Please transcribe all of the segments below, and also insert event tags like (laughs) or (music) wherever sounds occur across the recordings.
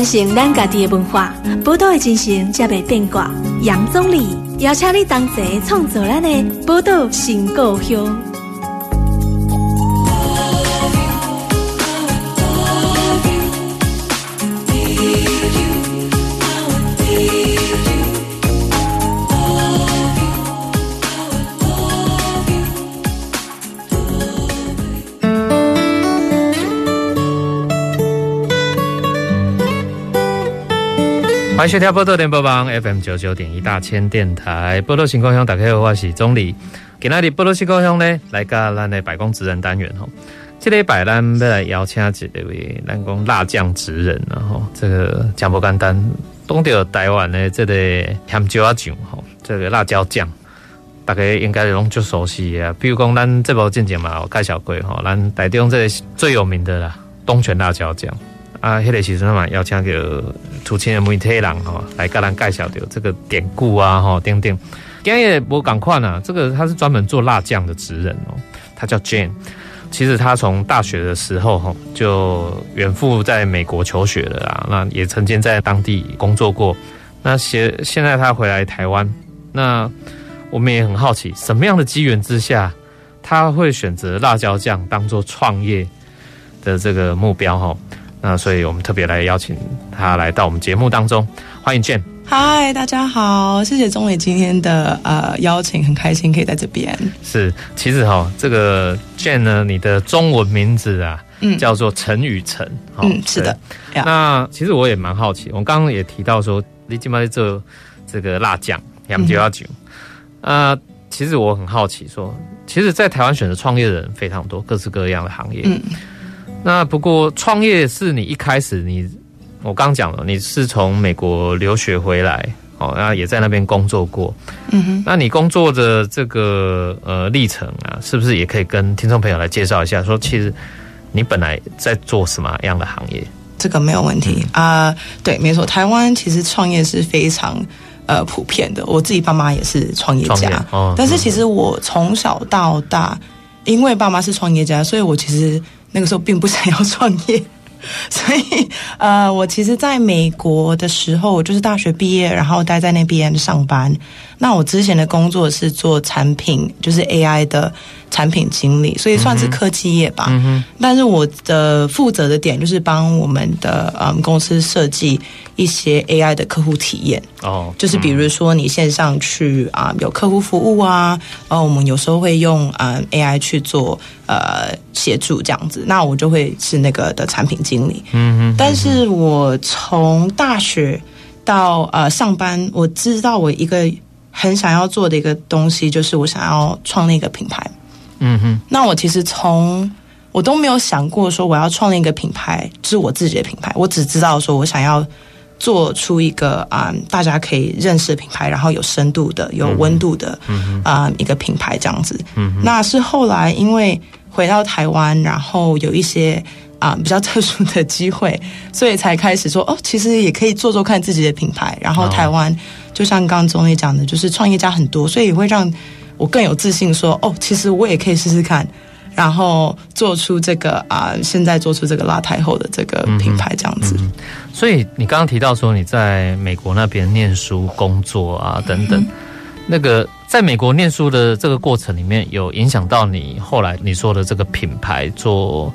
傳承咱家己的文化，寶島的精神才袂變卦。楊宗澧，邀請你同齊創作咱的寶島新故鄉。歡迎收聽寶島聯播網 FM 九九點一大千電台。寶島新故鄉，大家好，我是鍾理，今日的寶島新故鄉呢，來個咱的百工職人單元吼。這禮拜咱要來邀請一位咱講辣醬職人吼，這個講不簡單，講到台灣的這個辣椒仔醬吼，這個辣椒醬，大家應該是攏足熟悉啊。比如講咱這部節目嘛，有介紹過吼，咱台中這個最有名的啦，東泉辣椒醬。啊，迄、那個時陣嘛，邀請個出錢的媒體人哈、哦，來跟人介紹掉這個典故啊，吼、哦，等等。今日無講款啦，這個他是專門做辣醬的職人哦，他叫 Jane。其實他從大學的時候吼、哦，就遠赴在美國求學了啊，那也曾經在當地工作過。那現現在他回來台灣，那我們也很好奇，什麼樣的機緣之下，他會選擇辣椒醬當做創業的這個目標哈、哦？那所以，我們特別來邀請他來到我們節目當中，歡迎 Jane。嗨，大家好，謝謝鍾偉今天的呃邀請，很開心可以在這邊。是，其實哈、哦，這個 Jane 呢，你的中文名字啊，嗯、叫做陳雨辰、哦。嗯，是的。嗯、那其實我也蠻好奇，我剛剛也提到說，你今天在，在做這個辣醬，M 九幺九。啊、嗯呃，其實我很好奇，說，其實，在台灣選擇創業的人非常多，各式各樣的行業。嗯。那不過創業是你一開始你，我剛講了你是從美國留學回來，哦，那也在那邊工作過，嗯哼。那你工作的這個呃歷程啊，是不是也可以跟聽眾朋友來介紹一下？說其實你本來在做什麼樣的行業？這個沒有問題啊，嗯 uh, 對，沒錯。台灣其實創業是非常呃普遍的，我自己爸媽也是創業家，創業，哦。但是其實我從小到大、嗯，因為爸媽是創業家，所以我其實。那個時候並不想要創業。所以，呃，我其實在美國的時候，我就是大學畢業，然後待在那邊上班。那我之前的工作是做產品，就是 AI 的產品經理，所以算是科技業吧。嗯，但是我的負責的點就是幫我們的嗯公司設計一些 AI 的客戶體驗哦，就是比如說你線上去啊，呃，有客戶服務啊，然後我們有時候會用呃 AI 去做呃協助這樣子。那我就會是那個的產品經理。但是我從大學到呃上班，我知道我一個很想要做的一個東西，就是我想要創立一個品牌，嗯哼。那我其實從我都沒有想過說我要創立一個品牌，就是我自己的品牌。我只知道說我想要做出一個啊、呃，大家可以認識的品牌，然後有深度的、有溫度的啊、嗯呃、一個品牌這樣子、嗯。那是後來因為回到台灣，然後有一些。啊，比較特殊的機會，所以才開始說哦，其實也可以做做看自己的品牌。然後台灣、oh. 就像剛剛宗澧講的，就是創業家很多，所以也會讓我更有自信說，說哦，其實我也可以試試看，然後做出這個啊，現在做出這個辣太後的這個品牌這樣子。嗯嗯、所以你剛剛提到說你在美國那邊念書、工作啊等等、嗯，那個在美國念書的這個過程裡面，有影響到你後來你說的這個品牌做？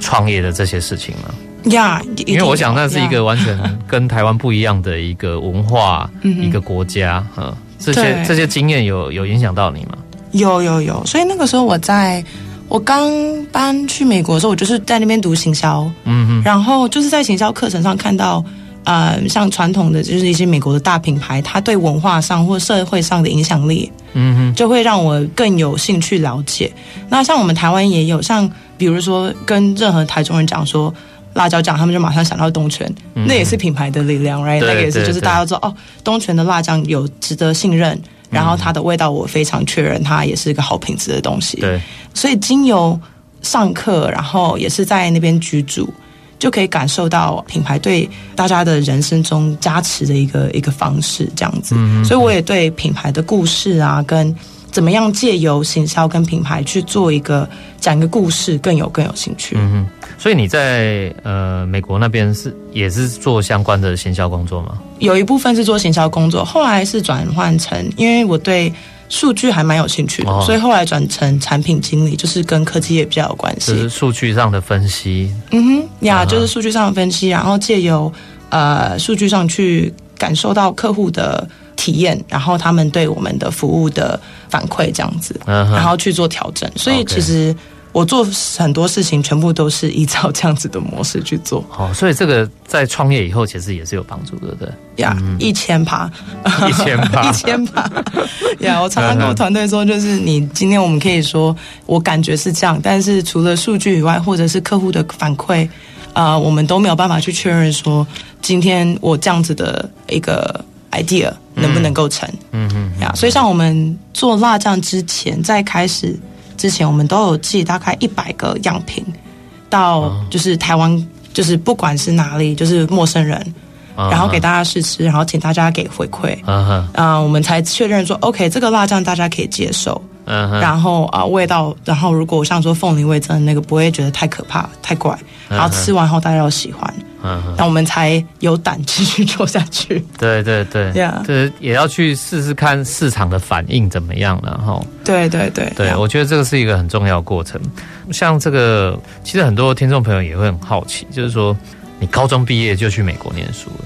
創業的這些事情嗎呀，yeah, you think, 因為我想那是一個完全跟台灣不一樣的一個文化， (laughs) 一個國家啊、mm -hmm.，這些這些經驗有有影響到你嗎？有有有，所以那個時候我在我剛搬去美國的時候，我就是在那邊讀行銷，嗯哼，然後就是在行銷課程上看到，呃，像傳統的就是一些美國的大品牌，它對文化上或社會上的影響力，嗯哼，就會讓我更有興趣了解。那像我們台灣也有像。比如說，跟任何台中人講說辣椒醬，他們就馬上想到東泉，嗯，那也是品牌的力量，right？對對對對，那個也是，就是大家都知道哦，東泉的辣醬有值得信任，然後它的味道我非常確認，它也是一個好品質的東西。對，嗯，所以經由上課，然後也是在那邊居住，就可以感受到品牌對大家的人生中加持的一個一個方式，這樣子，嗯。所以我也對品牌的故事啊，跟怎麼樣借由行銷跟品牌去做一個。講個故事更有更有興趣。嗯哼，所以你在呃美國那邊是也是做相關的行銷工作嗎？有一部分是做行銷工作，後來是轉換成，因為我對數據還蠻有興趣的，哦，所以後來轉成產品經理，就是跟科技業比較有關係。是數據上的分析。嗯哼呀，就是數據上的分析，然後借由呃數據上去感受到客戶的。體驗，然後他們對我們的服務的反饋這樣子，uh -huh. 然後去做調整。Okay. 所以其實我做很多事情全部都是依照這樣子的模式去做。哦、oh,，所以這個在創業以後其實也是有幫助，對不對？呀、yeah, 嗯，一千趴， (laughs) 一千趴，一千趴。呀 (laughs) (laughs) ，yeah, 我常常跟我團隊說，就是你今天我們可以說，我感覺是這樣，但是除了數據以外，或者是客戶的反饋啊、呃，我們都沒有辦法去確認說今天我這樣子的一個 idea。能不能構成？嗯嗯，呀、嗯嗯啊，所以像我們做辣醬之前，在開始之前，我們都有寄大概一百個樣品到，就是台灣、哦，就是不管是哪裡，就是陌生人、哦，然後給大家試吃，然後請大家給回饋，哦、嗯啊，我們才確認說，OK，這個辣醬大家可以接受，哦、嗯，然後啊，味道，然後如果像說鳳梨味噌那個，不會覺得太可怕、太怪，然後吃完後大家要喜歡。那我們才有膽繼續做下去。對對對，這、yeah. 也要去試試看市場的反應怎麼樣了，然後。對對對，對、yeah. 我覺得這個是一個很重要的過程。像這個，其實很多聽眾朋友也會很好奇，就是說，你高中畢業就去美國念書了？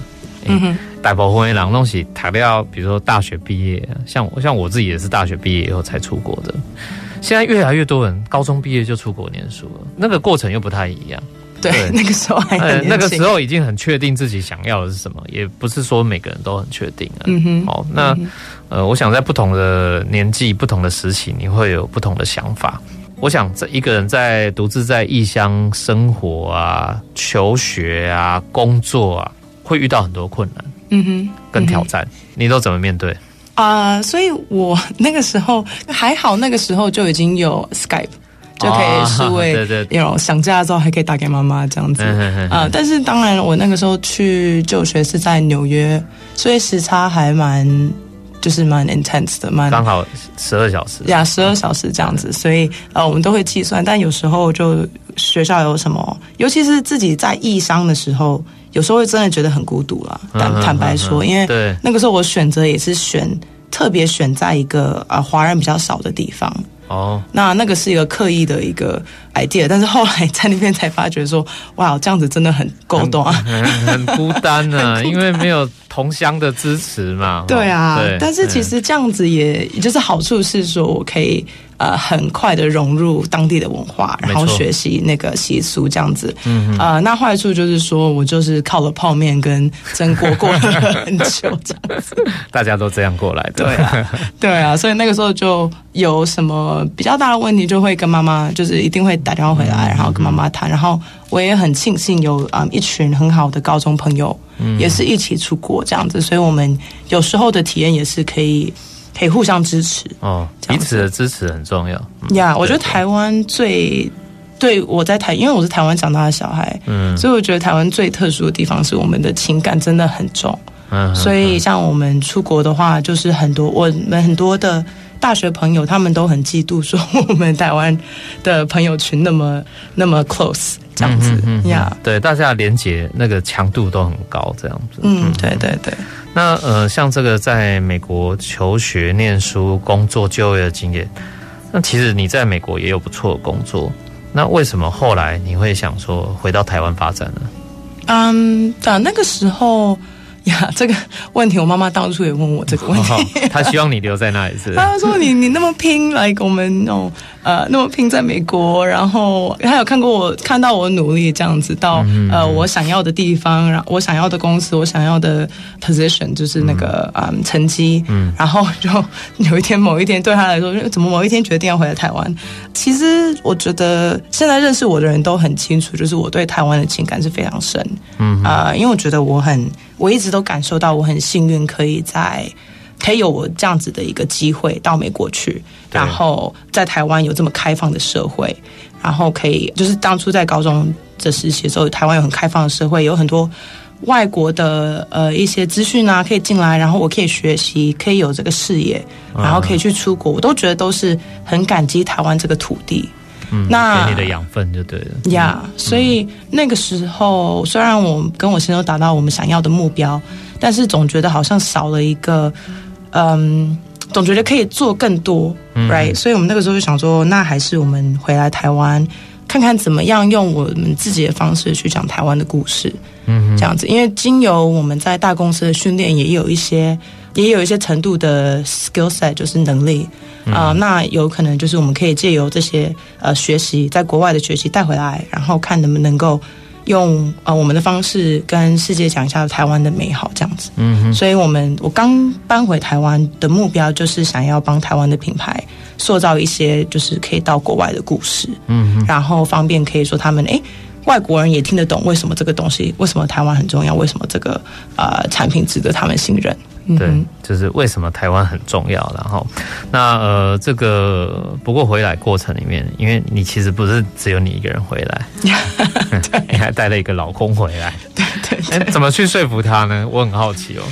嗯哼，大部分人東西不要比如說大學畢業，像我，像我自己也是大學畢業以後才出國的。現在越來越多人高中畢業就出國念書了，那個過程又不太一樣。對，對，那個時候還年輕、呃、那個時候已經很確定自己想要的是什麼，也不是說每個人都很確定、嗯、哼，好，那、嗯、呃，我想在不同的年紀、不同的時期，你會有不同的想法。我想在一個人在獨自在異鄉生活啊、求學啊、工作啊，會遇到很多困難，嗯哼，更挑戰、嗯，你都怎麼面對？啊、呃，所以我那個時候還好，那個時候就已經有 Skype。就可以視訊，那、哦、you know, 想家的時候還可以打給媽媽這樣子啊、呃。但是當然，我那個時候去就學是在紐約，所以時差還蠻，就是蠻 intense 的，蠻剛好十二小時是不是？呀，十二小時這樣子。嗯、所以呃，我們都會計算，但有時候就學校有什麼，尤其是自己在異鄉的時候，有時候會真的覺得很孤獨啦。坦坦白說，嗯、嗯、嗯、嗯、對，因為那個時候我選擇也是選特別選在一個呃華人比較少的地方。哦、oh，那那個是一個刻意的一個 idea，但是後來在那邊才發覺說，哇，這樣子真的很孤獨啊，很孤單呢、啊， (laughs) 因為沒有。同鄉的支持嘛，哦、對啊對，但是其實這樣子也，也就是好處是說我可以、嗯、呃很快的融入當地的文化，然後學習那個習俗，這樣子。嗯嗯、呃。那壞處就是說我就是靠了泡麵跟蒸鍋過了很久這樣子。 (laughs) 大家都這樣過來的對、啊。對啊，對啊，所以那個時候就有什麼比較大的問題，就會跟媽媽，就是一定會打電話回來，嗯、然後跟媽媽談，然後。我也很慶幸有啊一群很好的高中朋友，嗯，也是一起出國這樣子，所以我們有時候的體驗也是可以可以互相支持哦，彼此的支持很重要呀，Yeah。我覺得台灣最對我在台，因為我是台灣長大的小孩，嗯，所以我覺得台灣最特殊的地方是我們的情感真的很重，嗯，所以像我們出國的話，就是很多我們很多的。大學朋友他們都很嫉妒，說我們台灣的朋友群那麼那麼 close 這樣子呀？嗯嗯嗯 yeah. 對，大家連接那個強度都很高，這樣子。嗯，對對對。那呃，像這個在美國求學、唸書、工作、就業的經驗，那其實你在美國也有不錯的工作，那為什麼後來你會想說回到台灣發展呢？嗯，反正那個時候。呀、yeah,，這個問題，我媽媽當初也問我這個問題、oh,。她 (laughs) 希望你留在那裡是她你？她說：“你你那麼拼，來 (laughs) 給、like, 我們那種呃，那麼拼在美國，然後她有看過我，看到我努力這樣子到呃我想要的地方，然後我想要的公司，我想要的 position，就是那個嗯、呃、成績。嗯，然後就有一天某一天，對她來說，因為怎麼某一天決定要回來台灣？其實我覺得現在認識我的人都很清楚，就是我對台灣的情感是非常深。嗯啊、呃，因為我覺得我很。我一直都感受到我很幸運，可以在，可以有我這樣子的一個機會到美國去，然後在台灣有這麼開放的社會，然後可以就是當初在高中這時期的實習時候，台灣有很開放的社會，有很多外國的呃一些資訊啊可以進來，然後我可以學習，可以有這個視野，然後可以去出國。嗯，我都覺得都是很感激台灣這個土地。嗯、那給你的養分就對了。呀、yeah, 嗯，所以那個時候雖然我跟我先生達到我們想要的目標，但是總覺得好像少了一個，嗯，總覺得可以做更多，嗯。right？所以，我們那個時候就想說，那還是我們回來台灣，看看怎麼樣用我們自己的方式去講台灣的故事，嗯，這樣子，因為經由我們在大公司的訓練，也有一些，也有一些程度的 skill set，就是能力。啊、呃，那有可能就是我們可以借由這些呃學習，在國外的學習帶回來，然後看能不能夠用啊、呃、我們的方式跟世界講一下台灣的美好這樣子。嗯，所以我們我剛搬回台灣的目標就是想要幫台灣的品牌塑造一些就是可以到國外的故事。嗯，然後方便可以說他們哎。欸外國人也聽得懂，為什麼這個東西，為什麼台灣很重要，為什麼這個啊、呃、產品值得他們信任？嗯、對，就是為什麼台灣很重要。然後，那呃，這個不過回來過程裡面，因為你其實不是只有你一個人回來， (laughs) 對 (laughs) 你還帶了一個老公回來。對對，對、欸，怎麼去說服他呢？我很好奇哦。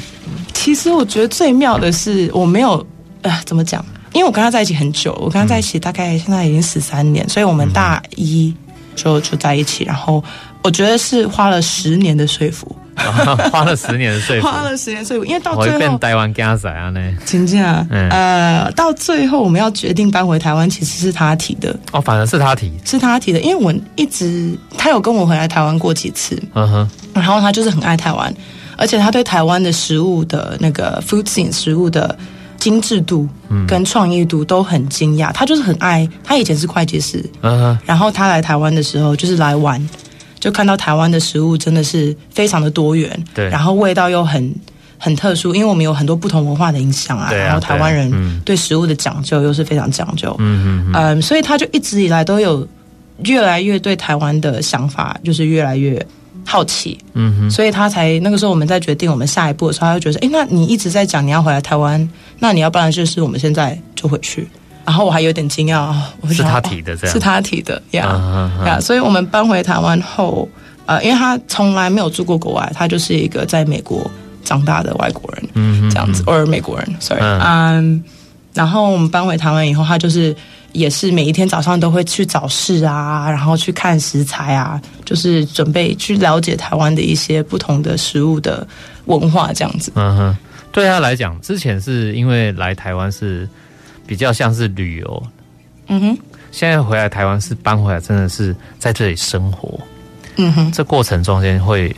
其實我覺得最妙的是，我沒有呃，怎麼講？因為我跟他在一起很久，我跟他在一起大概現在已經十三年、嗯，所以我們大一。就就在一起，然後我覺得是花了十年的說服，哦、花了十年的說服， (laughs) 花了十年說服，因為到最後，我台灣呢，啊、嗯，呃，到最後我們要決定搬回台灣，其實是他提的哦，反而是他提，是他提的，因為我一直他有跟我回來台灣過幾次，嗯哼，然後他就是很愛台灣，而且他對台灣的食物的那個 food scene 食物的。精緻度跟創意度都很驚訝，他就是很愛。他以前是會計師，Uh-huh. 然後他來台灣的時候就是來玩，就看到台灣的食物真的是非常的多元，對，然後味道又很很特殊，因為我們有很多不同文化的影響啊，對啊，然後台灣人對食物的講究又是非常講究，啊啊、嗯嗯，所以他就一直以來都有越來越對台灣的想法，就是越來越。好奇，嗯哼，所以他才那個時候，我們在決定我們下一步的時候，他就覺得，哎、欸，那你一直在講你要回來台灣，那你要不然就是我們現在就回去。然後我還有點驚訝，啊，是他提的，這樣是他提的，這樣，所以我們搬回台灣後，呃，因為他從來沒有住過國外，他就是一個在美國長大的外國人，嗯、這樣子，而美國人，sorry，嗯，嗯，然後我們搬回台灣以後，他就是。也是每一天早上都會去早市啊，然後去看食材啊，就是準備去了解台灣的一些不同的食物的文化這樣子。嗯哼，對他來講，之前是因為來台灣是比較像是旅遊。嗯哼，現在回來台灣是搬回來，真的是在這裡生活。嗯哼，這過程中間會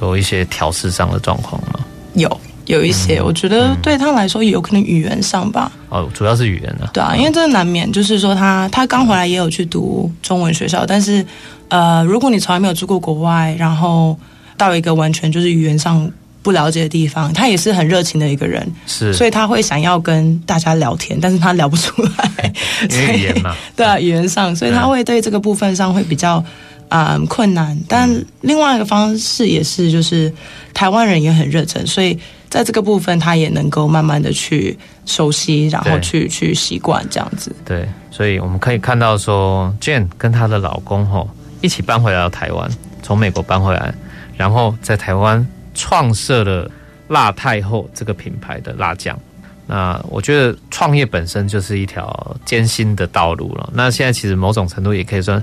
有一些調適上的狀況嗎？有。有一些、嗯，我覺得對他來說也有可能語言上吧。哦，主要是語言的、啊。對啊，因為這難免就是說他他剛回來也有去讀中文學校，但是，呃，如果你從來沒有住過國外，然後到一個完全就是語言上不了解的地方，他也是很熱情的一個人，是，所以他會想要跟大家聊天，但是他聊不出來，語言嘛，所以，對啊，語言上，所以他會對這個部分上會比較啊、嗯、困難。但另外一個方式也是，就是台灣人也很熱情，所以。在這個部分，他也能夠慢慢的去熟悉，然後去去習慣這樣子。對，所以我們可以看到說，Jane 跟她的老公吼、哦、一起搬回來到台灣，從美國搬回來，然後在台灣創設了辣太后這個品牌的辣醬。那我覺得創業本身就是一條艱辛的道路了。那現在其實某種程度也可以算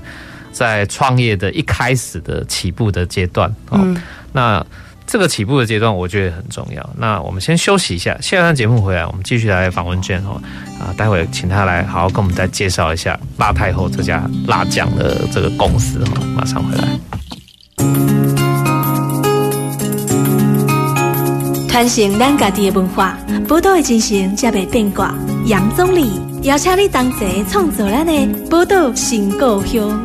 在創業的一開始的起步的階段嗯，哦、那這個起步的階段，我覺得很重要。那我們先休息一下，下段節目回來，我們繼續來訪問卷吼啊！待會請他來好好跟我們再介紹一下辣太后這家辣醬的這個公司哦。馬上回來。傳承咱家己的文化，寶島的精神才袂變卦。楊宗澧邀請你同齊創造咱的寶島新故鄉。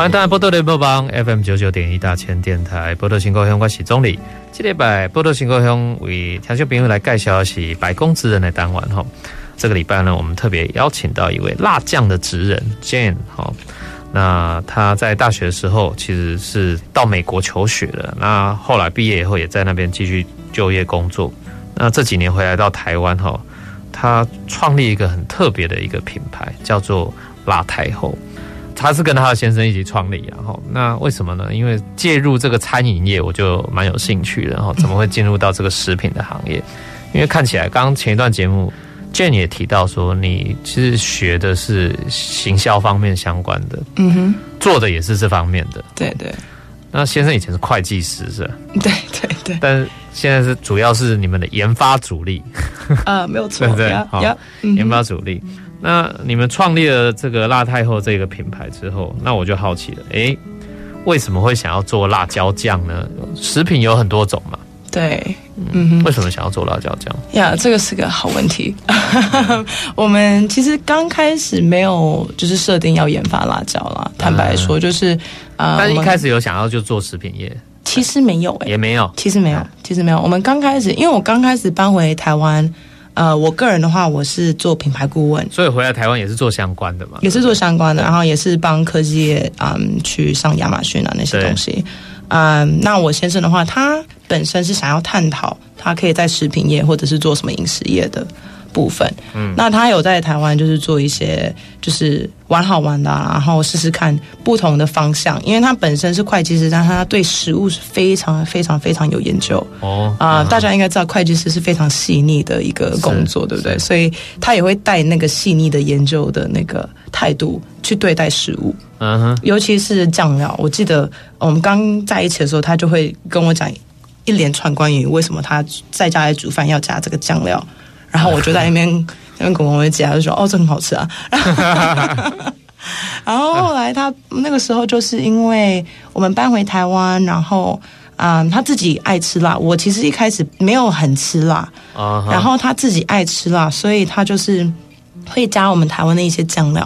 歡迎收聽寶島聯播網 FM 九九點一大千電台。寶島新故鄉我是宗澧今天拜寶島新故鄉為聽眾朋友來介紹的是百工職人的單元哈。這個禮拜呢，我們特別邀請到一位辣醬的職人 (laughs) Jane 哈。那他在大學的時候其實是到美國求學的。那後來畢業以後也在那邊繼續就業工作。那這幾年回來到台灣哈，他創立一個很特別的一個品牌，叫做辣太後。他是跟他的先生一起創立，啊，然後那為什麼呢？因為介入這個餐飲業，我就蠻有興趣的，然後怎麼會進入到這個食品的行業？嗯、因為看起來，剛剛前一段節目 Jane 也提到說，你其實學的是行銷方面相關的，嗯哼，做的也是這方面的，對對、對。那先生以前是會計師是吧？對對對。但是現在是主要是你們的研發主力啊，沒有錯， (laughs) 對呀，嗯，研發主力。那你們創立了這個辣太后這個品牌之後，那我就好奇了，哎、欸，為什麼會想要做辣椒醬呢？食品有很多種嘛。對，嗯哼。為什麼想要做辣椒醬？呀、yeah，這個是個好問題。 (laughs) 我們其實剛開始沒有就是設定要研發辣椒啦。嗯、坦白說就是啊。那一開始有想要就做食品業？其實沒有、欸，哎，也沒有，其實沒有，其實沒有。嗯、沒有我們剛開始，因為我剛開始搬回台灣。呃，我個人的話，我是做品牌顧問，所以回來台灣也是做相關的嘛，也是做相關的，然後也是幫科技業，嗯，去上亞馬遜啊那些東西。嗯，那我先生的話，他本身是想要探討他可以在食品業或者是做什麼飲食業的部分，嗯，那他有在台灣就是做一些就是玩好玩的啊，然後試試看不同的方向，因為他本身是會計師，但他對食物是非常非常非常有研究哦啊，呃 uh-huh. 大家應該知道會計師是非常細膩的一個工作，對不對？所以他也會帶那個細膩的研究的那個態度去對待食物，嗯哼，尤其是醬料。我記得我們剛在一起的時候，他就會跟我講一連串關於為什麼他在家裡煮飯要加這個醬料。 (laughs) 然後我就在那邊那邊跟我姐姐，他就說：“哦，這很好吃啊。 (laughs) ”然後後來他那個時候，就是因為我們搬回台灣，然後嗯，他自己愛吃辣。我其實一開始沒有很吃辣，uh -huh. 然後他自己愛吃辣，所以他就是會加我們台灣的一些醬料。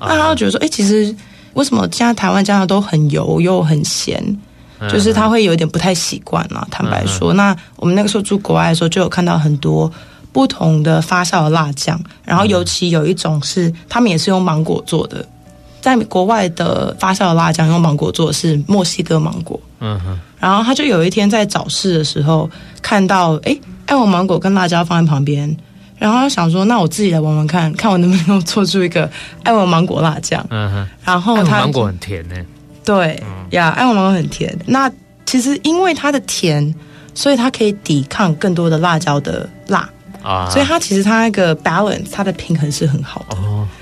Uh -huh. 那他就覺得說：“哎、欸，其實為什麼現在台灣醬料都很油又很鹹？Uh -huh. 就是他會有點不太習慣了。” Uh -huh. 坦白說，uh -huh. 那我們那個時候住國外的時候，就有看到很多。不同的發酵的辣醬，然後尤其有一種是、嗯、他們也是用芒果做的，在國外的發酵的辣醬用芒果做的是墨西哥芒果，嗯哼。然後他就有一天在早市的時候看到，哎、欸，愛文芒果跟辣椒放在旁邊，然後他想說，那我自己來玩玩看看我能不能做出一個愛文芒果辣醬，嗯哼。然後他芒果很甜呢、欸，對呀，嗯、yeah, 愛文芒果很甜。那其實因為它的甜，所以它可以抵抗更多的辣椒的辣。啊、uh -huh.，所以他其實他那個 balance 他的平衡是很好的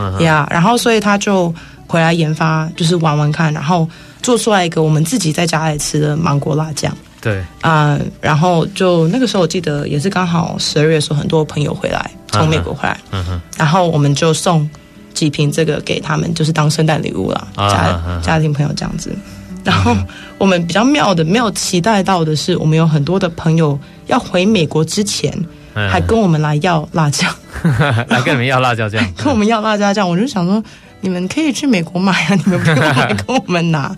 ，uh -huh. yeah, 然後所以他就回來研發，就是玩玩看，然後做出來一個我們自己在家裡吃的芒果辣醬，對、uh -huh.，uh, 然後就那個時候我記得也是剛好十二月的時候，很多朋友回來從美國回來，uh -huh. 然後我們就送幾瓶這個給他們，就是當聖誕禮物了，家、uh -huh. 家庭朋友這樣子，然後我們比較妙的沒有期待到的是，我們有很多的朋友要回美國之前。還跟我們來要辣醬， (laughs) 來跟你們要辣椒醬，跟我們要辣椒醬，我就想說，你們可以去美國買呀、啊，你們不用來跟我們拿。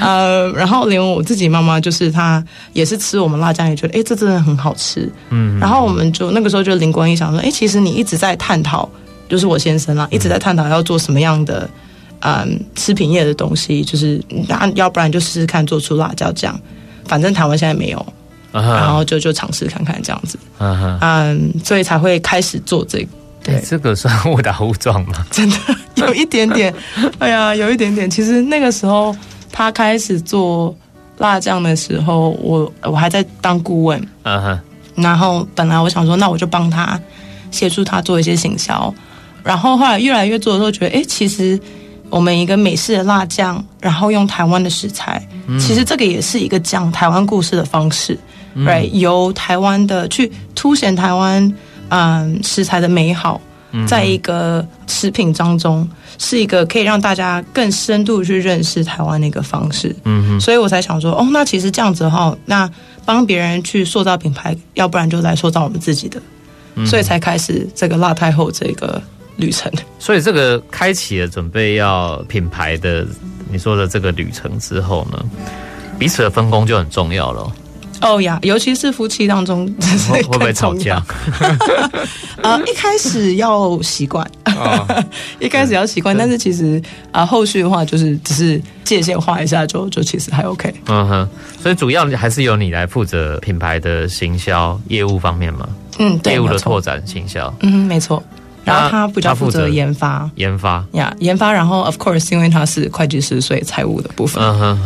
呃、 (laughs) uh,，然後連我自己媽媽，就是她也是吃我們辣醬也覺得哎、欸，這真的很好吃。嗯。 (laughs) 然後我們就那個時候就靈光一閃說，說、欸、哎，其實你一直在探討，就是我先生啦、啊，一直在探討要做什麼樣的嗯，食品業的東西，就是那要不然就試試看做出辣椒醬，反正台灣現在沒有。Uh -huh. 然後就就嘗試看看這樣子，嗯哼嗯，所以才會開始做這個。Uh -huh. 對、欸，這個算誤打誤撞嗎？真的有一點點， (laughs) 哎呀，有一點點。其實那個時候他開始做辣醬的時候，我我還在當顧問，嗯、uh -huh. 然後本來我想說，那我就幫他協助他做一些行銷。然後後來越來越做的時候，覺得哎、欸，其實我們一個美式的辣醬，然後用台灣的食材，uh -huh. 其實這個也是一個講台灣故事的方式。Right, 嗯、由台灣的去凸顯台灣嗯食材的美好、嗯，在一個食品當中是一個可以讓大家更深度去認識台灣的一個方式。嗯嗯，所以我才想說，哦，那其實這樣子的話，那幫別人去塑造品牌，要不然就來塑造我們自己的、嗯。所以才開始這個辣太后這個旅程。所以這個開啟了準備要品牌的你說的這個旅程之後呢，彼此的分工就很重要了。哦呀，尤其是夫妻當中，會，會不會吵架？啊、 (laughs) uh， (laughs) 一開始要習慣， (laughs) 一開始要習慣，oh. 但是其實啊，後續的話就是只是界限畫一下就，就就其實還 OK。嗯哼，所以主要還是由你來負責品牌的行銷業務方面嘛。嗯對，業務的拓展、行銷，嗯，沒錯。然後他比較負責研發，研發呀、yeah，研發。然後 of course，因為他是會計師，所以財務的部分。嗯哼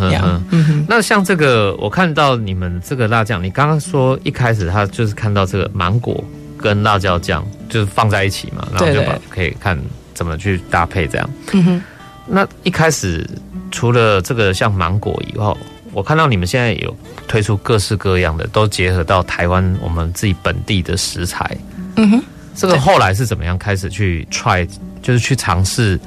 哼。那像這個，我看到你們這個辣醬，你剛剛說一開始他就是看到這個芒果跟辣椒醬，就是放在一起嘛，然後就把，對對，可以看怎麼去搭配這樣。嗯、uh-huh. 那一開始除了這個像芒果以後，我看到你們現在有推出各式各樣的，都結合到台灣我們自己本地的食材。嗯哼。這個後來是怎麼樣開始去 try，就是去嘗試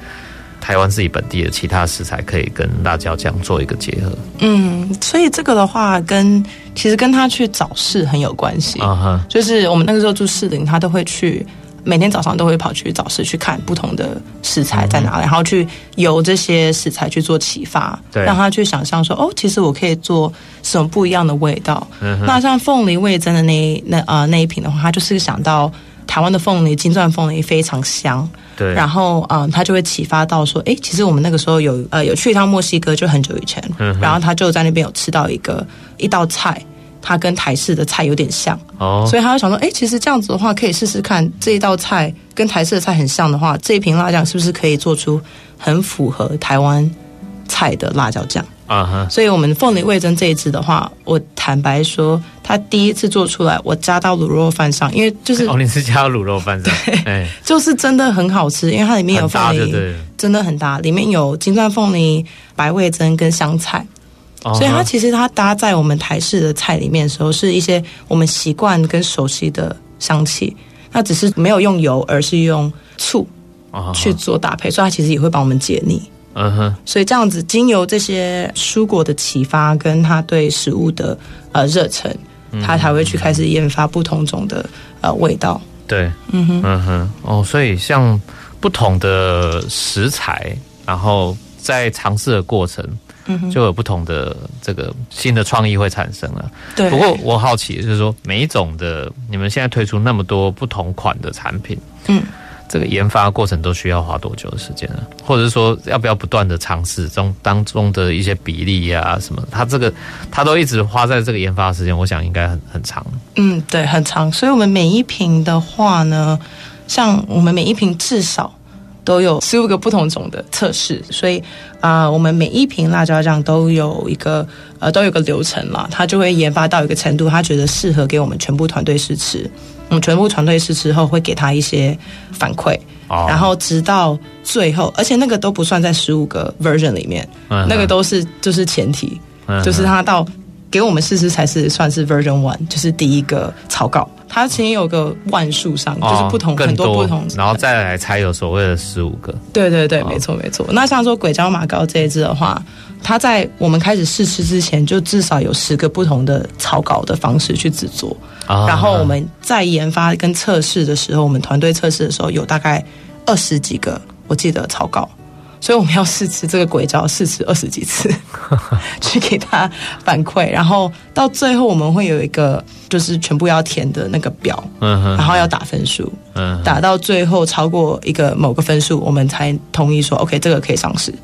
台灣自己本地的其他食材，可以跟辣椒醬做一個結合。嗯，所以這個的話跟，跟其實跟他去早市很有關係。啊哈，就是我們那個時候住士林，他都會去每天早上都會跑去早市去看不同的食材在哪裡，Uh-huh. 然後去由這些食材去做啟發，對，讓他去想象說哦，其實我可以做什麼不一樣的味道。Uh-huh. 那像鳳梨味噌的那那啊、呃、那一瓶的話，他就是想到。台灣的鳳梨，金鑽鳳梨非常香，對。然後，嗯，他就會啟發到說，哎，其實我們那個時候有，呃，有去一趟墨西哥，就很久以前。嗯。然後他就在那邊有吃到一個一道菜，它跟台式的菜有點像，哦。所以他就想說，哎，其實這樣子的話，可以試試看這一道菜跟台式的菜很像的話，這一瓶辣醬是不是可以做出很符合台灣菜的辣椒醬？啊哈！所以我們鳳梨味噌這一支的話，我坦白說，它第一次做出來，我加到滷肉飯上，因為就是、哎、哦，你是加到滷肉飯上，對、哎，就是真的很好吃，因為它裡面有鳳梨，真的很搭，裡面有金鑽鳳梨、白味噌跟香菜，Uh-huh. 所以它其實它搭在我們台式的菜裡面的時候，是一些我們習慣跟熟悉的香氣，那只是沒有用油，而是用醋去做搭配，Uh-huh. 所以它其實也會幫我們解膩。嗯哼，所以這樣子，經由這些蔬果的啟發，跟他對食物的呃熱忱，他才會去開始研發不同種的呃味道。對，嗯哼，呃，嗯哼，嗯哼，哦，所以像不同的食材，然後在嘗試的過程，嗯，就有不同的這個新的創意會產生了。對，不過我好奇就是說，每一種的你們現在推出那麼多不同款的產品，嗯。這個研發過程都需要花多久的時間呢？啊？或者是說，要不要不斷的嘗試中當中的一些比例呀、啊、什麼？它這個它都一直花在這個研發的時間，我想應該很很長。嗯，對，很長。所以，我們每一瓶的話呢，像我們每一瓶至少都有十五個不同種的測試。所以啊、呃，我們每一瓶辣椒醬都有一個呃都有一個流程嘛，它就會研發到一個程度，它覺得適合給我們全部團隊試吃。我們全部團隊試吃後會給他一些反饋，oh. 然後直到最後，而且那個都不算在十五個 version 裡面，嗯、那個都是就是前提、嗯，就是他到給我們試吃才是算是 version one，就是第一個草稿，他其實有個萬數上就是不同、oh, 很多,多不同，然後再來才有所謂的十五個，對對對，oh. 沒錯沒錯。那像說鬼椒馬告這一支的話。他在我們開始試吃之前，就至少有十個不同的草稿的方式去製作。Oh, 然後我們在研發跟測試的時候，我們團隊測試的時候有大概二十幾個我記得草稿，所以我們要試吃這個鬼招試吃二十幾次， (laughs) 去給他反饋。然後到最後我們會有一個就是全部要填的那個表，然後要打分數，打到最後超過一個某個分數，我們才同意說 OK，這個可以上市。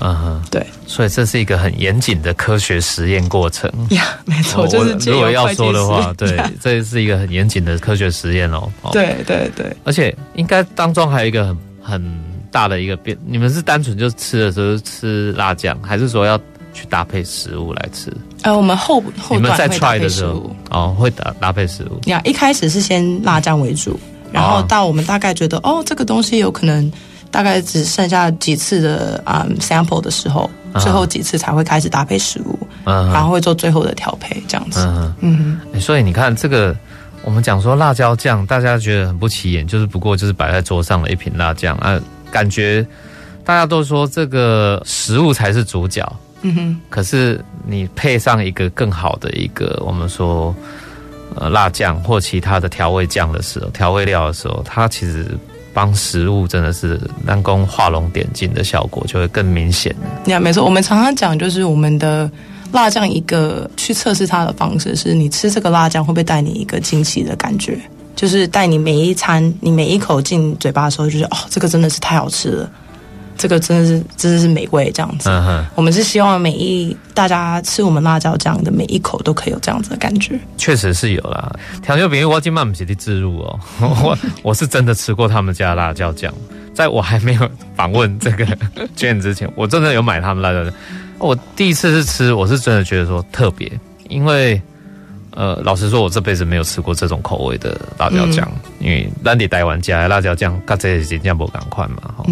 嗯哼，對，所以這是一個很嚴謹的科學實驗過程。呀、yeah，沒錯、哦，就是如果要說的話，對，yeah. 這是一個很嚴謹的科學實驗哦，哦。對對對，而且應該當中還有一個很很大的一個變，你們是單純就吃的時候吃辣醬，還是說要去搭配食物來吃？呃，我們後後你們在 try 的時候哦，會搭搭配食物。呀、哦，yeah, 一開始是先辣醬為主，然後到我們大概覺得哦，哦，這個東西有可能。大概只剩下幾次的啊、um, sample 的時候，嗯，最後幾次才會開始搭配食物。嗯，然後會做最後的調配這樣子。嗯，嗯嗯欸，所以你看這個，我們講說辣椒醬，大家覺得很不起眼，就是不過就是擺在桌上的一瓶辣醬啊，感覺大家都說這個食物才是主角。嗯哼，可是你配上一個更好的一個我們說呃辣醬或其他的調味醬的時候，調味料的時候，它其實。幫食物真的是能夠畫龍點睛的效果就會更明顯。呀，沒錯，我們常常講就是我們的辣醬一個去測試它的方式，是你吃這個辣醬會不會帶你一個驚喜的感覺，就是帶你每一餐你每一口進嘴巴的時候就覺得，就是哦，這個真的是太好吃了。這個真的是，真的是美味這樣子、嗯。我們是希望每一大家吃我們辣椒醬的每一口都可以有這樣子的感覺。確實是有啦，調酒品，我今天不是的置入哦、喔，我我是真的吃過他們家辣椒醬，在我還沒有訪問這個卷之前， (laughs) 我真的有買他們的辣椒醬。我第一次是吃，我是真的覺得說特別，因為。呃，老實說，我這輩子沒有吃過這種口味的辣椒醬，嗯、因為蘭地帶玩家辣椒醬這是的樣，它這些已經不趕快嘛哈。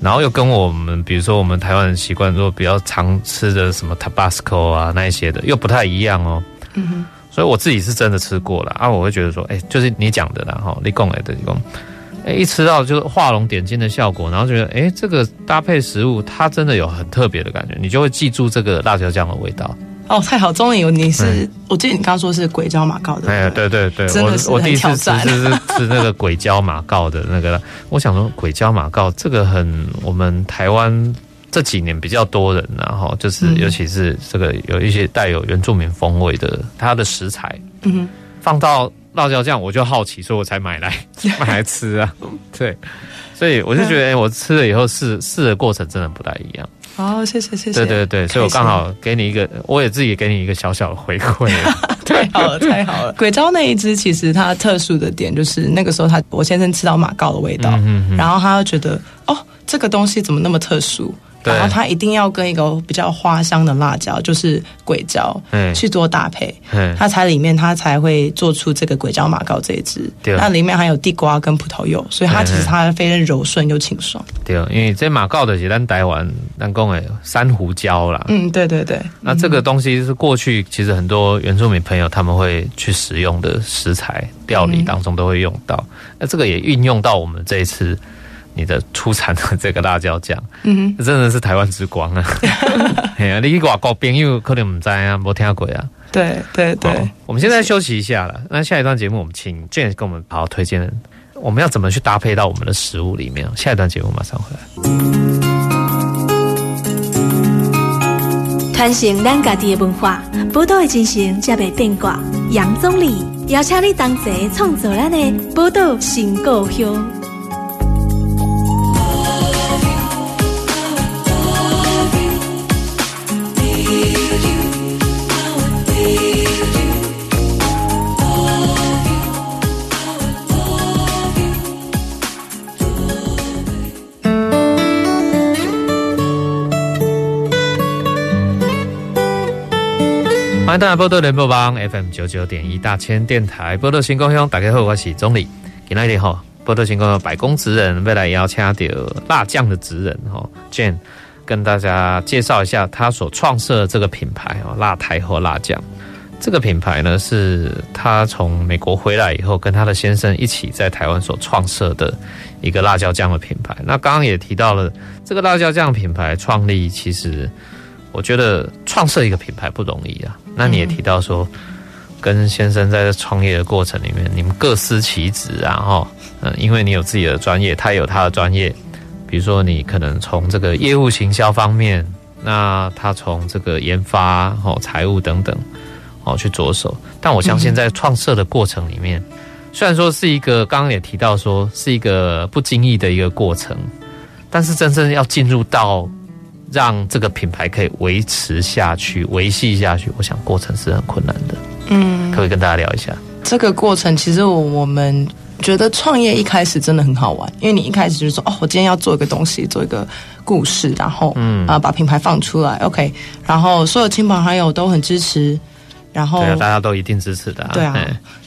然後又跟我們，比如說我們台灣人習慣說比較常吃的什麼 Tabasco 啊，那一些的，又不太一樣哦、嗯。所以我自己是真的吃過了啊，我會覺得說，哎、欸，就是你講的，啦。後你講哎的講、就是，哎、欸、一吃到就是畫龍點睛的效果，然後覺得哎、欸、這個搭配食物，它真的有很特別的感覺，你就會記住這個辣椒醬的味道。哦，太好，終於有你是，嗯、我記得你剛剛說是鬼椒馬告的。哎呀，對對對，真的是很挑戰我我吃是那個鬼椒馬告的那個。 (laughs) 我想說，鬼椒馬告這個很，我們台灣這幾年比較多人，啊，然後就是尤其是這個有一些帶有原住民風味的，它的食材，嗯哼，放到辣椒醬，我就好奇，所以我才買來 (laughs) 買來吃啊。對，所以我就覺得、哎、我吃了以後試試的過程真的不太一樣。哦，謝謝謝謝，對對對，所以我剛好給你一個，我也自己給你一個小小的回饋。 (laughs) (laughs) 太，太好了太好了。 (laughs) 鬼招那一只，其實它特殊的點就是那個時候它，他我先生吃到馬告的味道，嗯、哼哼然後他就覺得哦，這個東西怎麼那麼特殊。然後它一定要跟一個比較花香的辣椒，就是鬼椒，嗯、去做搭配，嗯，它才裡面它才會做出這個鬼椒馬告，這一支。對，它裡面還有地瓜跟葡萄柚，所以它其實它非常柔順又清爽。對，因為這馬告的是咱台灣，咱講誒山胡椒啦。嗯，對對對。那這個東西是過去其實很多原住民朋友他們會去使用的食材，料理當中都會用到。嗯、那這個也運用到我們這一次。你的出產的這個辣椒醬，嗯哼，真的是台灣之光啊！哎 (laughs) 呀，你去外國朋友，可能不知道啊，沒聽過啊。對對對，我們現在休息一下了。那下一段節目，我們請 Jane 跟我們好好推薦，我們要怎麼去搭配到我們的食物裡面？下一段節目馬上回來。傳承咱家己的文化，寶島的精神才袂變卦。楊宗澧邀請你同齊創造咱的寶島新故鄉。大家寶島聯播網 FM 九九點一大千電台寶島新故鄉。大家好，我是宗澧，今天你寶島新故鄉百工職人，未來也要吃點辣醬的職人哦 Jane, 跟大家介紹一下他所創設的這個品牌哦，辣太后辣醬。這個品牌呢，是他從美國回來以後，跟他的先生一起在台灣所創設的一個辣椒醬的品牌。那剛剛也提到了這個辣椒醬品牌創立，其實。我覺得創設一個品牌不容易啊。那你也提到說，跟先生在創業的過程裡面，你們各司其職啊，哈，嗯，因為你有自己的專業，他也有他的專業。比如說你可能從這個業務行銷方面，那他從這個研發、哦財務等等，哦去着手。但我相信在創設的過程裡面，雖然說是一個剛剛也提到說是一個不經意的一個過程，但是真正要進入到。讓這個品牌可以維持下去、維繫下去，我想過程是很困難的。嗯，可不可以跟大家聊一下這個過程？其實我們覺得創業一開始真的很好玩，因為你一開始就是說，哦，我今天要做一個東西，做一個故事，然後，嗯啊、呃，把品牌放出來，OK，然後所有親朋好友都很支持，然後、啊、大家都一定支持的、啊，對啊。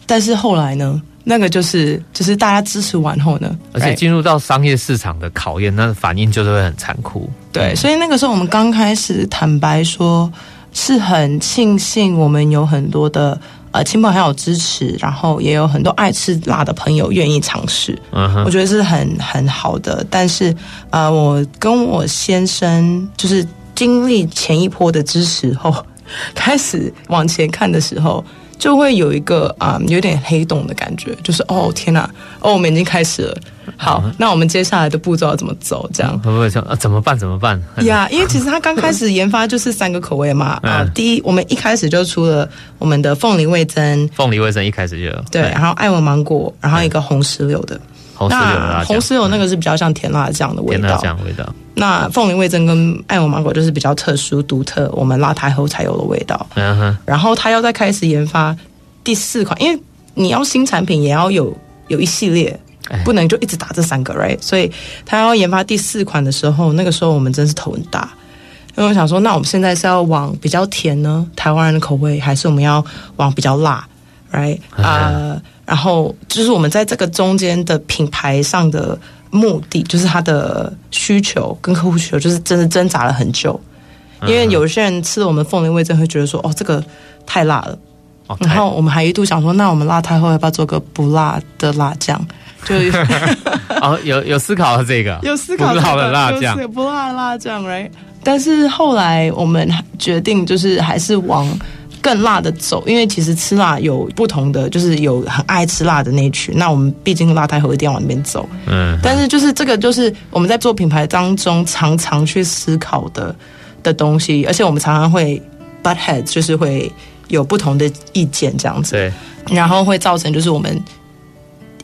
但是後來呢？那個就是，就是大家支持完後呢，而且進入到商業市場的考驗，那反應就是會很殘酷。對，所以那個時候我們剛開始，坦白說，是很慶幸我們有很多的呃親朋好友支持，然後也有很多愛吃辣的朋友願意嘗試。嗯、uh-huh，我覺得是很很好的。但是啊、呃，我跟我先生就是經歷前一波的支持後，開始往前看的時候。就會有一個，啊、嗯，有點黑洞的感覺，就是哦天吶，哦，天哪哦，我們已經開始了，好、嗯，那我們接下來的步驟要怎麼走？這樣，呃、嗯嗯嗯，怎麼辦？怎麼辦？呀、yeah,，因為其實他剛開始研發就是三個口味嘛，啊、嗯呃，第一，我們一開始就出了我們的鳳梨味噌，鳳梨味噌一開始就有對，然後愛文芒果，然後一個紅石榴的，嗯、那紅石榴紅石榴那個是比較像甜辣醬的味道。甜辣醬味道那鳳梨味噌跟愛文芒果就是比較特殊獨特，我們辣太后才有的味道。Uh -huh. 然後他要再開始研發第四款，因為你要新產品也要有有一系列，不能就一直打這三個，right？Uh -huh. 所以他要研發第四款的時候，那個時候我們真是頭很大，因為我想說，那我們現在是要往比較甜呢，台灣人的口味，還是我們要往比較辣，right？Uh -huh. Uh -huh. 然後就是我們在這個中間的品牌上的。目的就是他的需求跟客戶需求，就是真的掙扎了很久，因為有些人吃了我們鳳梨味，真會覺得說哦，這個太辣了，哦。然後我們還一度想說，那我們辣太後，要不要做個不辣的辣醬？就 (laughs) 哦，有有思考了這個，有思考了，的辣醬，不辣的辣醬，right？但是後來我們決定，就是還是往。更辣的走，因為其實吃辣有不同的，就是有很愛吃辣的那一群。那我們畢竟辣太後一定要往那邊走。嗯。但是就是這個就是我們在做品牌當中常常去思考的的東西，而且我們常常會 but heads，就是會有不同的意見這樣子。對。然後會造成就是我們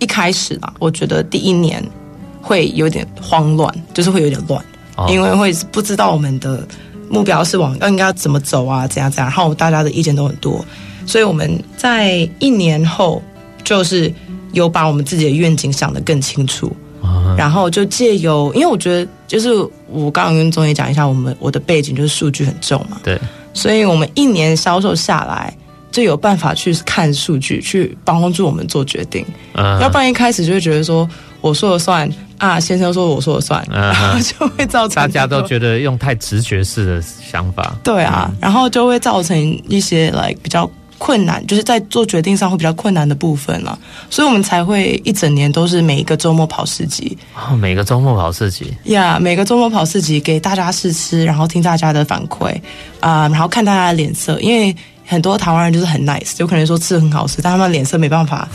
一開始啊，我覺得第一年會有點慌亂，就是會有點亂，哦哦因為會不知道我們的。目標是往要應該要怎麼走啊？這樣怎樣？然後大家的意見都很多，所以我們在一年後就是有把我們自己的願景想得更清楚，啊、然後就借由，因為我覺得就是我剛剛跟中姐講一下，我們我的背景就是數據很重嘛，對，所以我們一年銷售下來就有辦法去看數據，去幫助我們做決定，啊，要不然一開始就會覺得說。我說了算啊！先生說我說了算，嗯、然後就會造成、那個、大家都覺得用太直覺式的想法，對啊、嗯，然後就會造成一些 like 比較困難，就是在做決定上會比較困難的部分了。所以我們才會一整年都是每一個周末跑四集，哦、每個周末跑四集，呀、Yeah，每個周末跑四集，給大家試吃，然後聽大家的反饋啊、嗯，然後看大家的臉色，因為。很多台灣人就是很 nice，有可能說吃的很好吃，但他們臉色沒辦法。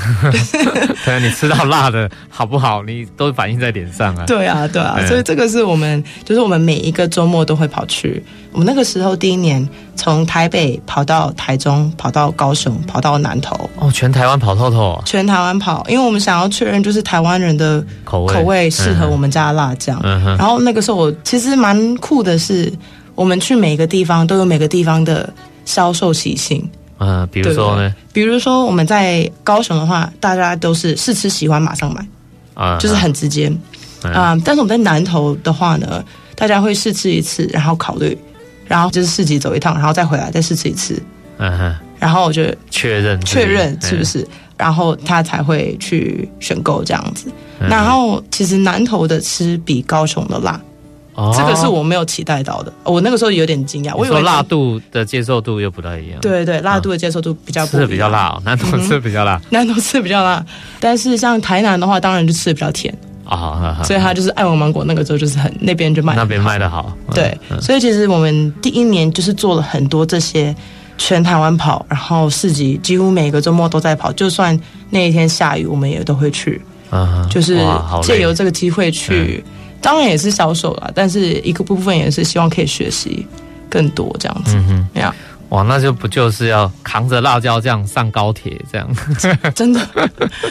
可 (laughs) 能 (laughs) 你吃到辣的好不好，你都反應在臉上啊。對啊，對啊， (laughs) 所以這個是我們，就是我們每一個周末都會跑去。我們那個時候第一年從台北跑到台中，跑到高雄，跑到南投。哦，全台灣跑透透，全台灣跑，因為我們想要確認就是台灣人的口味口味適合我們家辣醬、嗯哼。然後那個時候我其實蠻酷的是，我們去每個地方都有每個地方的。銷售習性，呃、嗯，比如說呢，比如說我們在高雄的話，大家都是試吃喜歡馬上買，啊、嗯，就是很直接，啊、嗯嗯，但是我們在南投的話呢，大家會試吃一次，然後考慮，然後就是市集走一趟，然後再回來再試吃一次，嗯哼、嗯，然後我就確認確認是不是、嗯嗯，然後他才會去選購這樣子、嗯，然後其實南投的吃比高雄的辣。哦、這個是我沒有期待到的，我那個時候有點驚訝，我以為說辣度的接受度又不太一樣。對對、對、哦，辣度的接受度比較不一樣，吃的比、哦、比較辣，南、嗯、通吃比較辣，南、嗯、通吃比較辣。但是像台南的話，當然就吃的比較甜、哦、啊、啊，所以他就是愛文芒果，那個時候就是很那邊就賣那邊賣的好。對、啊，所以其實我們第一年就是做了很多這些全台灣跑，然後市集幾乎每個周末都在跑，就算那一天下雨，我們也都會去啊，就是借由這個機會去。啊當然也是銷售啦，但是一個部分也是希望可以學習更多這樣子、嗯哼這樣。哇，那就不就是要扛着辣椒醬上高鐵這樣？ (laughs) 真的，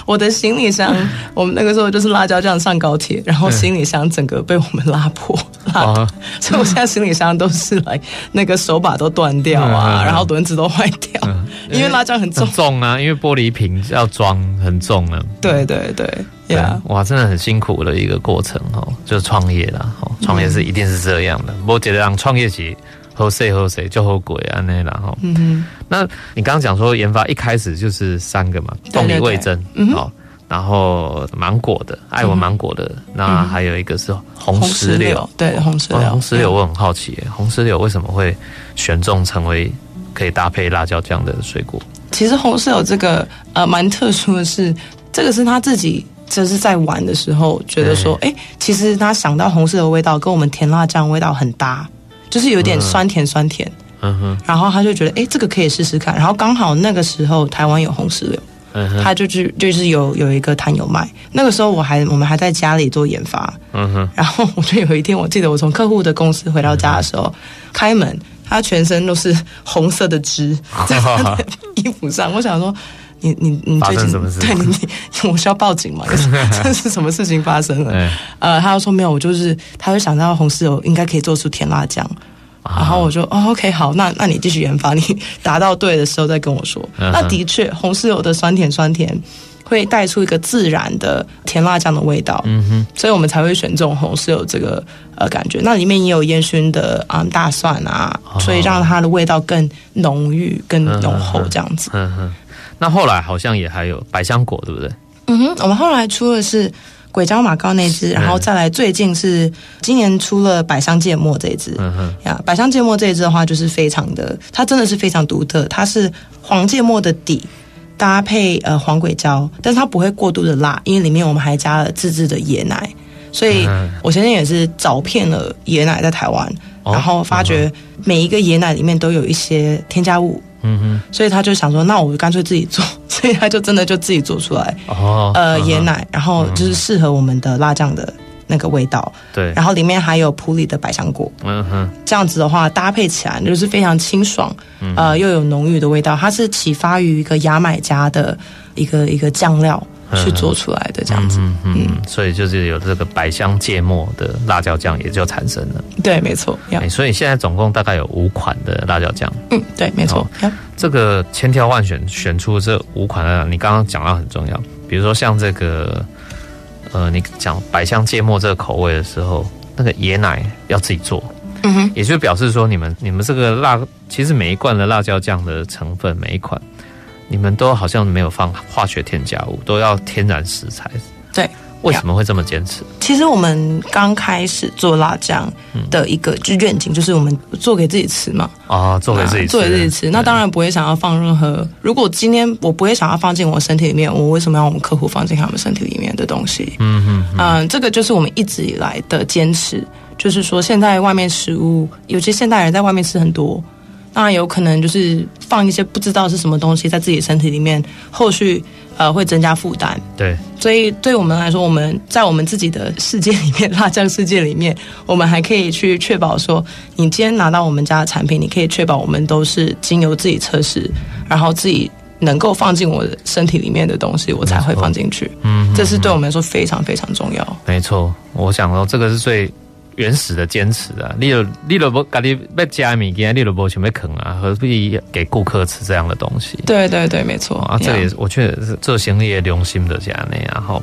我的行李箱， (laughs) 我們那個時候就是辣椒醬上高鐵，然後行李箱整個被我們拉破了， (laughs) 所以我現在行李箱都是來那個手把都斷掉啊，嗯嗯然後輪子都壞掉、嗯，因為辣椒很重很重啊，因為玻璃瓶要裝很重了、啊。 (laughs) 對，對對對。Yeah. 對啊，哇，真的很辛苦的一個過程哦、喔，就是創業啦，創、喔嗯、業是一定是這樣的。我覺得創業期喝誰喝誰就喝鬼啊那然後，嗯，那你剛剛講說研發一開始就是三個嘛，鳳梨味噌，然後芒果的，愛文芒果的、嗯，那還有一個是紅石榴，對紅石榴，紅石榴、喔、我很好奇、嗯，紅石榴為什麼會選中成為可以搭配辣椒醬的水果？其實紅石榴這個呃蠻特殊的是，這個是他自己。就是在玩的時候，覺得說，哎、欸，其實他想到紅色的味道跟我們甜辣醬味道很搭，就是有點酸甜酸甜。嗯哼，然後他就覺得，哎、欸，這個可以試試看。然後剛好那個時候台灣有紅石榴、嗯，他就去就是有有一個攤有賣。那個時候我還我們還在家裡做研發。嗯哼、嗯，然後我就有一天，我記得我從客戶的公司回到家的時候，嗯、開門，他全身都是紅色的汁在，他在衣服上，我想說。你你你最近對，你，你我需要報警嘛？ (laughs) 這是什麼事情發生了？ (laughs) 哎、呃，他說沒有，我就是他會想到紅柿油應該可以做出甜辣醬，啊、然後我說、哦、OK，好，那那你繼續研發，你達到對的時候再跟我說。嗯、那的確，紅柿油的酸甜酸甜會帶出一個自然的甜辣醬的味道，嗯哼，所以我們才會選中紅柿油這個呃感覺。那裡面也有煙燻的啊、呃、大蒜啊、哦，所以讓它的味道更濃郁、更濃厚這樣子。嗯哼。嗯哼那後來好像也還有百香果，對不對？嗯哼，我們後來出的是鬼椒馬告那支，然後再來最近是今年出了百香芥末這一支。嗯哼，呀、yeah，百香芥末這一支的話，就是非常的，它真的是非常獨特，它是黃芥末的底搭配呃黃鬼椒，但是它不會過度的辣，因為裡面我們還加了自製的椰奶，所以我前天也是找遍了椰奶在台灣，嗯，然後發覺每一個椰奶裡面都有一些添加物。嗯哼， (noise) 所以他就想說，那我就乾脆自己做，所以他就真的就自己做出來。哦、oh, uh，-huh. 呃，椰奶，然後就是適合我們的辣醬的那個味道。對、uh -huh.，然後裡面還有埔里的百香果。嗯哼，這樣子的話搭配起來就是非常清爽，呃，又有濃郁的味道。它是啟發於一個牙買加的一個一個醬料。去做出來的這樣子，嗯嗯嗯，嗯，所以就是有這個百香芥末的辣椒醬也就產生了，對，沒錯、欸。所以現在總共大概有五款的辣椒醬，嗯，對，沒錯、嗯。這個千挑萬選選出這五款啊，你剛剛講到很重要，比如說像這個，呃，你講百香芥末這個口味的時候，那個椰奶要自己做，嗯哼，也就表示說你們你們這個辣，其實每一罐的辣椒醬的成分每一款。你們都好像沒有放化學添加物，都要天然食材。對，為什麼會這麼堅持？其實我們剛開始做辣醬的一個願景就是我們做給自己吃嘛，啊，做給自己，吃，做給自己吃、呃做給自己吃嗯。那當然不會想要放任何。如果今天我不會想要放進我身體裡面，我為什麼要我們客戶放進他們身體裡面的東西？嗯嗯、呃，這個就是我們一直以來的堅持。就是說，現在外面食物尤其現代人在外面吃很多。那有可能就是放一些不知道是什麼東西在自己身體裡面，後續呃會增加負擔。對，所以對我們來說，我們在我們自己的世界裡面，辣醬世界裡面，我們還可以去確保說，你今天拿到我們家的產品，你可以確保我們都是經由自己測試，然後自己能夠放進我的身體裡面的東西，我才會放進去。嗯，這是對我們來說非常非常重要。沒錯，我想說、哦、這個是最。原始的堅持啊，你有你有不搞你被加米羹，你了不全部啃啊，何必給顧客吃這樣的東西？對對對，沒錯啊，嗯、這也是，我確實是做生意也良心的這樣那樣哈。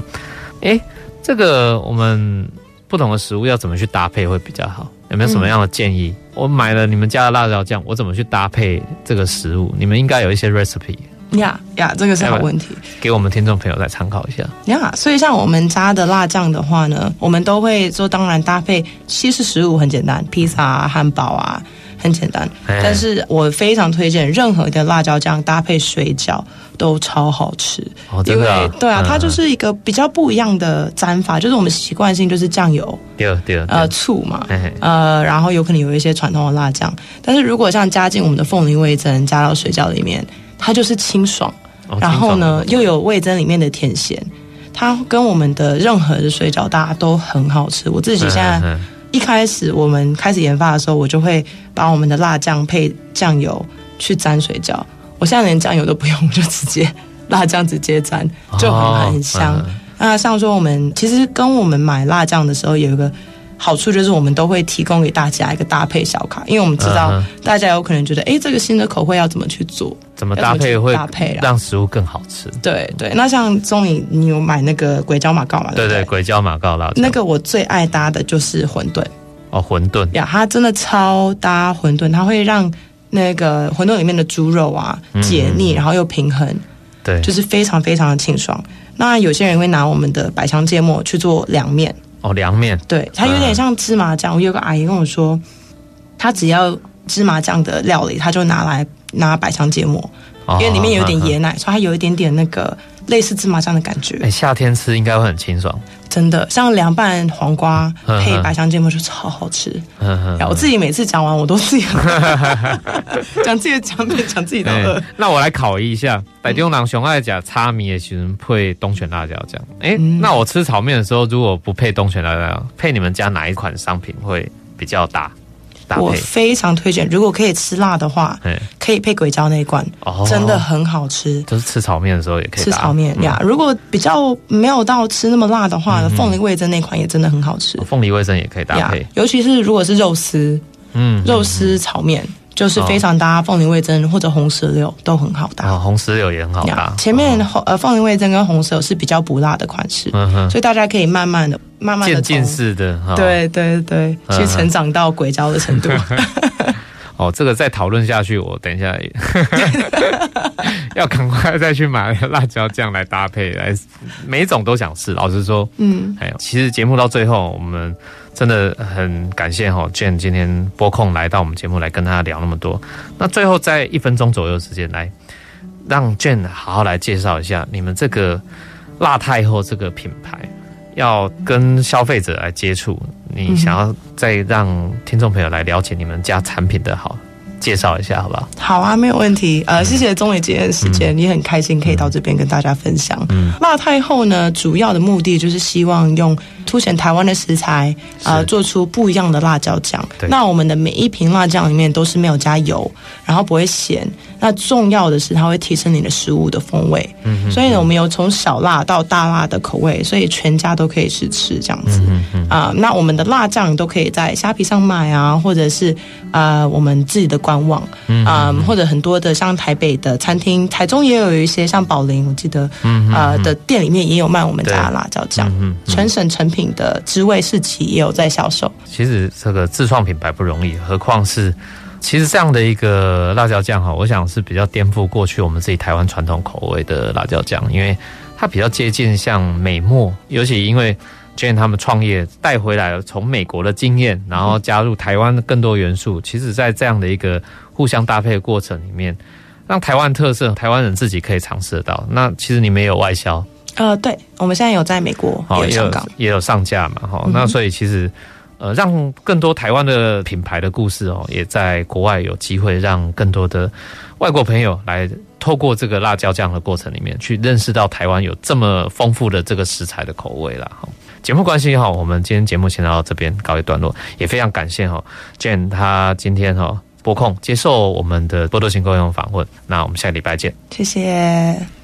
哎、欸，這個我們不同的食物要怎麼去搭配會比較好？有沒有什麼樣的建議？嗯、我買了你們家的辣椒醬，我怎麼去搭配這個食物？你們應該有一些 recipe。呀呀，這個是好問題，給我們聽眾朋友來參考一下。呀、yeah,，所以像我們家的辣醬的話呢，我們都會說。當然搭配西式食物很簡單，披薩啊、漢堡啊，很簡單。哎哎但是我非常推薦任何的辣椒醬搭配水餃都超好吃，哦啊、因為對啊、嗯，它就是一個比較不一樣的蘸法。就是我們習慣性就是醬油，對了對了呃醋嘛、哎，呃，然後有可能有一些傳統的辣醬。但是如果像加進我們的鳳梨味噌加到水餃裡面。它就是清爽，哦、然後呢又有味噌裡面的甜鹹，它跟我們的任何的水餃大家都很好吃。我自己現在一開始我們開始研發的時候，我就會把我們的辣醬配醬油去沾水餃。我現在連醬油都不用，我就直接 (laughs) 辣醬直接沾就很很香。那、哦嗯啊、像說我們其實跟我們買辣醬的時候有一個好處，就是我們都會提供給大家一個搭配小卡，因為我們知道、嗯、大家有可能覺得，哎，這個新的口味要怎麼去做。怎麼搭配會搭配讓食物更好吃？啊、對，對對，那像宗澧，你有買那個鬼椒馬告嗎？對，對對，鬼椒馬告椒。那個我最愛搭的就是餛飩哦，餛飩呀，它真的超搭餛飩，它會讓那個餛飩裡面的豬肉啊解膩、嗯，然後又平衡，對，就是非常非常的清爽。那有些人會拿我們的百香芥末去做涼麵哦，涼麵。對，它有點像芝麻醬。我有個阿姨跟我說，她只要芝麻醬的料理，她就拿來。拿百香芥末，哦，因為裡面有點椰奶，嗯嗯，所以它有一點點那個類似芝麻醬的感覺，欸。夏天吃應該會很清爽，真的。像涼拌黃瓜配百香芥末就超好吃。嗯嗯嗯，我自己每次講完我都自己講，嗯嗯、 (laughs) 自己講麵講自己的餓，欸。那我來考一下，台中郎熊愛甲叉米也喜能配東泉辣椒這樣，欸嗯。那我吃炒麵的時候如果不配東泉辣椒，配你們家哪一款商品會比較搭？我非常推薦，如果可以吃辣的話，可以配鬼椒那一罐、哦，真的很好吃。就是吃炒麵的時候也可以。吃炒麵呀、嗯，如果比較沒有到吃那麼辣的話，鳳、嗯嗯、梨味噌那一款也真的很好吃。鳳、哦、梨味噌也可以搭配，尤其是如果是肉絲，嗯，嗯，嗯，肉絲炒麵。就是非常搭鳳梨味噌或者紅石榴都很好搭，哦、紅石榴也很好搭。Yeah, 前面，哦、呃鳳梨味噌跟紅石榴是比較不辣的款式，嗯哼，所以大家可以慢慢的，慢慢的。漸進式的，哦，對對對，其，嗯、成長到鬼椒的程度。 (laughs) 哦，這個再討論下去，我等一下也 (laughs) (laughs) (laughs) 要趕快再去買辣椒醬來搭配，來每種都想試。老實說，嗯，還有，其實節目到最後我們。真的很感謝哈，Jane 今天撥空來到我們節目來跟他聊那麼多。那最後在一分鐘左右時間，來讓 Jane 好好來介紹一下你們這個辣太后這個品牌，要跟消費者來接觸，你想要再讓聽眾朋友來了解你們家產品的好。介紹一下好不好？好啊，沒有問題。呃，嗯、謝謝宗澧今天的時間，你、嗯、很開心可以到這邊、嗯、跟大家分享。嗯，辣太後呢，主要的目的就是希望用凸顯台灣的食材，呃，做出不一樣的辣椒醬。對。那我們的每一瓶辣醬裡面都是沒有加油，然後不會鹹。那重要的是，它會提升你的食物的風味。嗯，嗯，所以呢，我們有從小辣到大辣的口味，所以全家都可以試吃這樣子。嗯嗯啊、呃，那我們的辣醬都可以在蝦皮上買啊，或者是啊、呃，我們自己的官網啊，或者很多的像台北的餐廳，台中也有一些像寶林，我記得嗯，嗯，啊、呃、的店裡面也有賣我們家的辣椒醬。嗯，嗯，全省誠品的知味市集也有在銷售。其實這個自創品牌不容易，何況是。其實這樣的一個辣椒醬哈，我想是比較顛覆過去我們自己台灣傳統口味的辣椒醬，因為它比較接近像美墨，尤其因為 Jane 他們創業帶回來從美國的經驗，然後加入台灣更多元素。嗯、其實，在這樣的一個互相搭配的過程裡面，讓台灣特色、台灣人自己可以嘗試得到。那其實你們也有外銷？呃，對，我們現在有在美國也有香港也有上架嘛，哈。那所以其實。嗯呃，讓更多台灣的品牌的故事哦，也在國外，有機會，讓更多的外國朋友來透過這個辣椒醬的過程裡面，去認識到台灣有這麼豐富的這個食材的口味啦。哈，節目關係哈，我們今天節目先到這邊告一段落，也非常感謝哈 Jane 她今天哈撥空接受我們的寶島新故鄉訪問，那我們下禮拜見，謝謝。